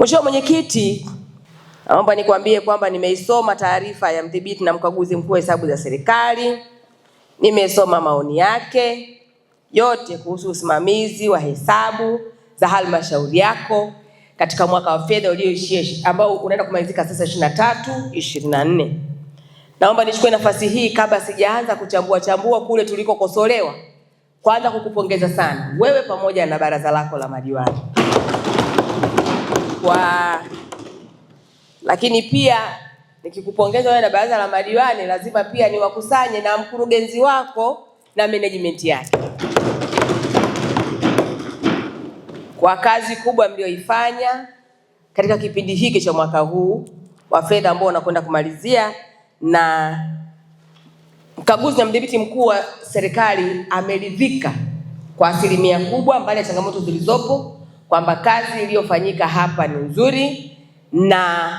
Mheshimiwa Mwenyekiti, naomba nikwambie kwamba nimeisoma taarifa ya mdhibiti na mkaguzi mkuu wa hesabu za serikali, nimesoma maoni yake yote kuhusu usimamizi wa hesabu za halmashauri yako katika mwaka wa fedha ulioishia ambao unaenda kumalizika sasa 23 24. Naomba nichukue nafasi hii kabla sijaanza kuchambua chambua kule tulikokosolewa, kwanza kukupongeza sana wewe pamoja na baraza lako la madiwani kwa lakini pia nikikupongeza wewe na baraza la madiwani, lazima pia niwakusanye na mkurugenzi wako na management yake kwa kazi kubwa mlioifanya katika kipindi hiki cha mwaka huu wa fedha ambao unakwenda kumalizia, na mkaguzi na mdhibiti mkuu wa serikali ameridhika kwa asilimia kubwa, mbali ya changamoto zilizopo kwamba kazi iliyofanyika hapa ni nzuri na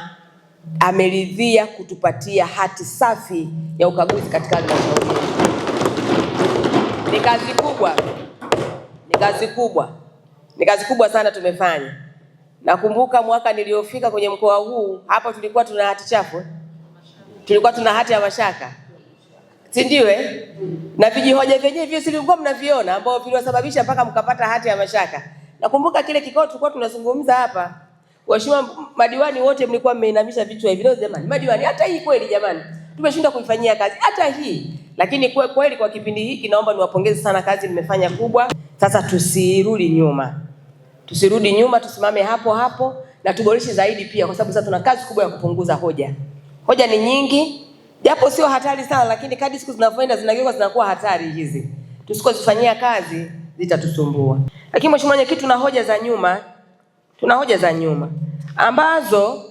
ameridhia kutupatia hati safi ya ukaguzi katika halmashauri Ni kazi kubwa, ni kazi kubwa, ni kazi kubwa sana tumefanya. Nakumbuka mwaka niliofika kwenye mkoa huu hapa tulikuwa tuna hati chafu, tulikuwa tuna hati ya mashaka, si ndio? Eh? Na vijihoja vyenyewe hivyo silikuwa mnaviona ambao viliwasababisha mpaka mkapata hati ya mashaka. Nakumbuka kile kikao tulikuwa tunazungumza hapa, waheshimiwa madiwani wote mlikuwa mmeinamisha vichwa hivi leo. Jamani madiwani, hata hii kweli jamani, tumeshindwa kuifanyia kazi hata hii. Lakini kwa kweli kwa kipindi hiki naomba niwapongeze sana, kazi mmefanya kubwa. Sasa tusirudi nyuma, tusirudi nyuma, tusimame hapo hapo na tuboreshe zaidi pia, kwa sababu sasa tuna kazi kubwa ya kupunguza hoja. Hoja ni nyingi, japo sio hatari sana, lakini kadri siku zinavyoenda zinageuka zinakuwa hatari. Hizi tusikozifanyia kazi zitatusumbua. Lakini mheshimiwa mwenyekiti, tuna hoja za nyuma, tuna hoja za nyuma ambazo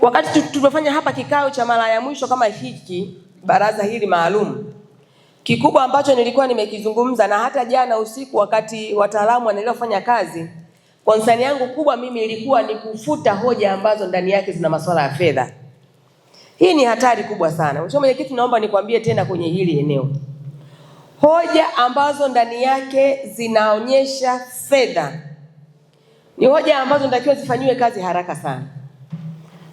wakati tumefanya hapa kikao cha mara ya mwisho kama hiki baraza hili maalum, kikubwa ambacho nilikuwa nimekizungumza na hata jana usiku wakati wataalamu wanaendelea kufanya kazi, konsani yangu kubwa mimi ilikuwa ni kufuta hoja ambazo ndani yake zina masuala ya fedha. Hii ni hatari kubwa sana. Mheshimiwa Mwenyekiti, naomba nikwambie tena kwenye hili eneo hoja ambazo ndani yake zinaonyesha fedha ni hoja ambazo natakiwa zifanyiwe kazi haraka sana.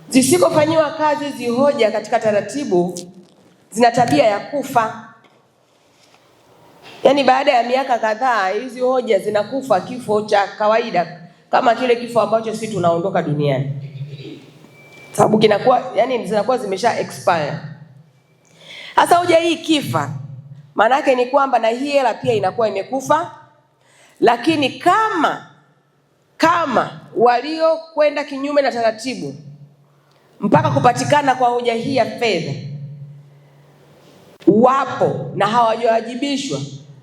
Zisikofanyiwa kazi hizi hoja katika taratibu, zina tabia ya kufa. Yaani baada ya miaka kadhaa hizi hoja zinakufa kifo cha kawaida, kama kile kifo ambacho sisi tunaondoka duniani, sababu kinakuwa yani zinakuwa zimesha expire. Hasa hoja hii kifa yake ni kwamba na hii hela pia inakuwa imekufa, lakini kama kama waliokwenda kinyume na taratibu mpaka kupatikana kwa hoja hii ya fedha wapo na hawajawajibishwa,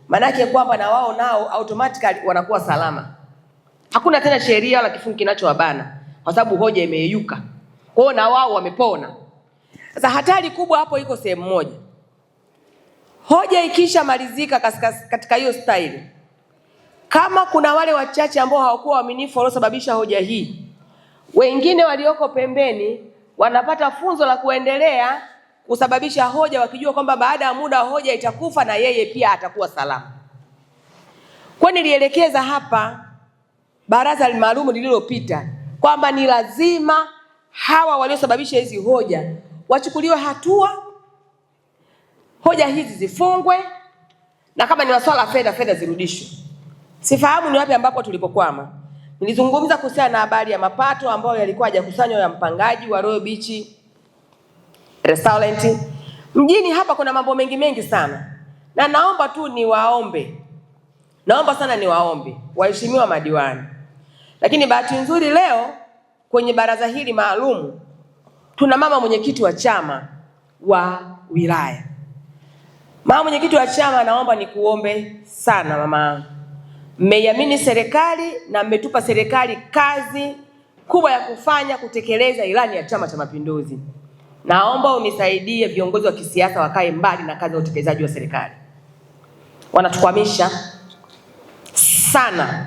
maanake kwamba na wao nao automatically wanakuwa salama. Hakuna tena sheria wala kifungu kinachowabana kwa sababu hoja imeyeyuka, kwao, na wao wamepona. Sasa hatari kubwa hapo iko sehemu moja. Hoja ikisha malizika katika hiyo staili, kama kuna wale wachache ambao hawakuwa waaminifu waliosababisha hoja hii, wengine walioko pembeni wanapata funzo la kuendelea kusababisha hoja wakijua kwamba baada ya muda hoja itakufa na yeye pia atakuwa salama. Kwa nilielekeza hapa baraza maalum lililopita kwamba ni lazima hawa waliosababisha hizi hoja wachukuliwe hatua hoja hizi zifungwe, na kama ni masuala ya fedha, fedha zirudishwe. Sifahamu ni wapi ambapo tulipokwama. Nilizungumza kuhusiana na habari ya mapato ambayo yalikuwa hajakusanywa ya mpangaji wa Royal Beach Restaurant. Mjini hapa kuna mambo mengi mengi sana, na naomba tu niwaombe, naomba sana niwaombe waheshimiwa madiwani, lakini bahati nzuri leo kwenye baraza hili maalum tuna mama mwenyekiti wa chama wa wilaya Mama mwenyekiti wa chama, naomba nikuombe sana mama, mmeiamini serikali na mmetupa serikali kazi kubwa ya kufanya kutekeleza ilani ya Chama cha Mapinduzi. Naomba unisaidie, viongozi wa kisiasa wakae mbali na kazi ya utekelezaji wa serikali, wanatukwamisha sana,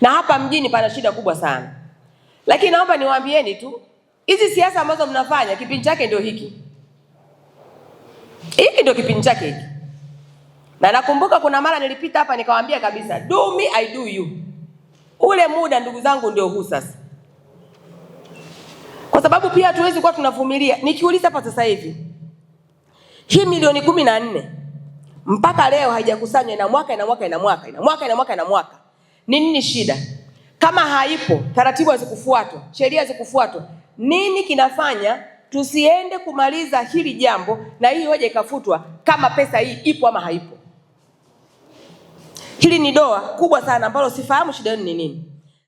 na hapa mjini pana shida kubwa sana. Lakini naomba niwaambieni tu, hizi siasa ambazo mnafanya kipindi chake ndio hiki hiki, ndio kipindi chake hiki na nakumbuka kuna mara nilipita hapa nikawaambia kabisa, do me I do you. Ule muda ndugu zangu ndio huu sasa, kwa sababu pia hatuwezi kuwa tunavumilia. Nikiuliza hapa sasa hivi hii milioni kumi na nne mpaka leo haijakusanywa, ina mwaka ina mwaka ina mwaka ina mwaka ina mwaka ina mwaka, ni nini shida? Kama haipo taratibu hazikufuatwa, sheria hazikufuatwa, nini kinafanya tusiende kumaliza hili jambo na hii hoja ikafutwa, kama pesa hii ipo ama haipo? Hili ni doa kubwa sana ambalo sifahamu shida yenu ni nini.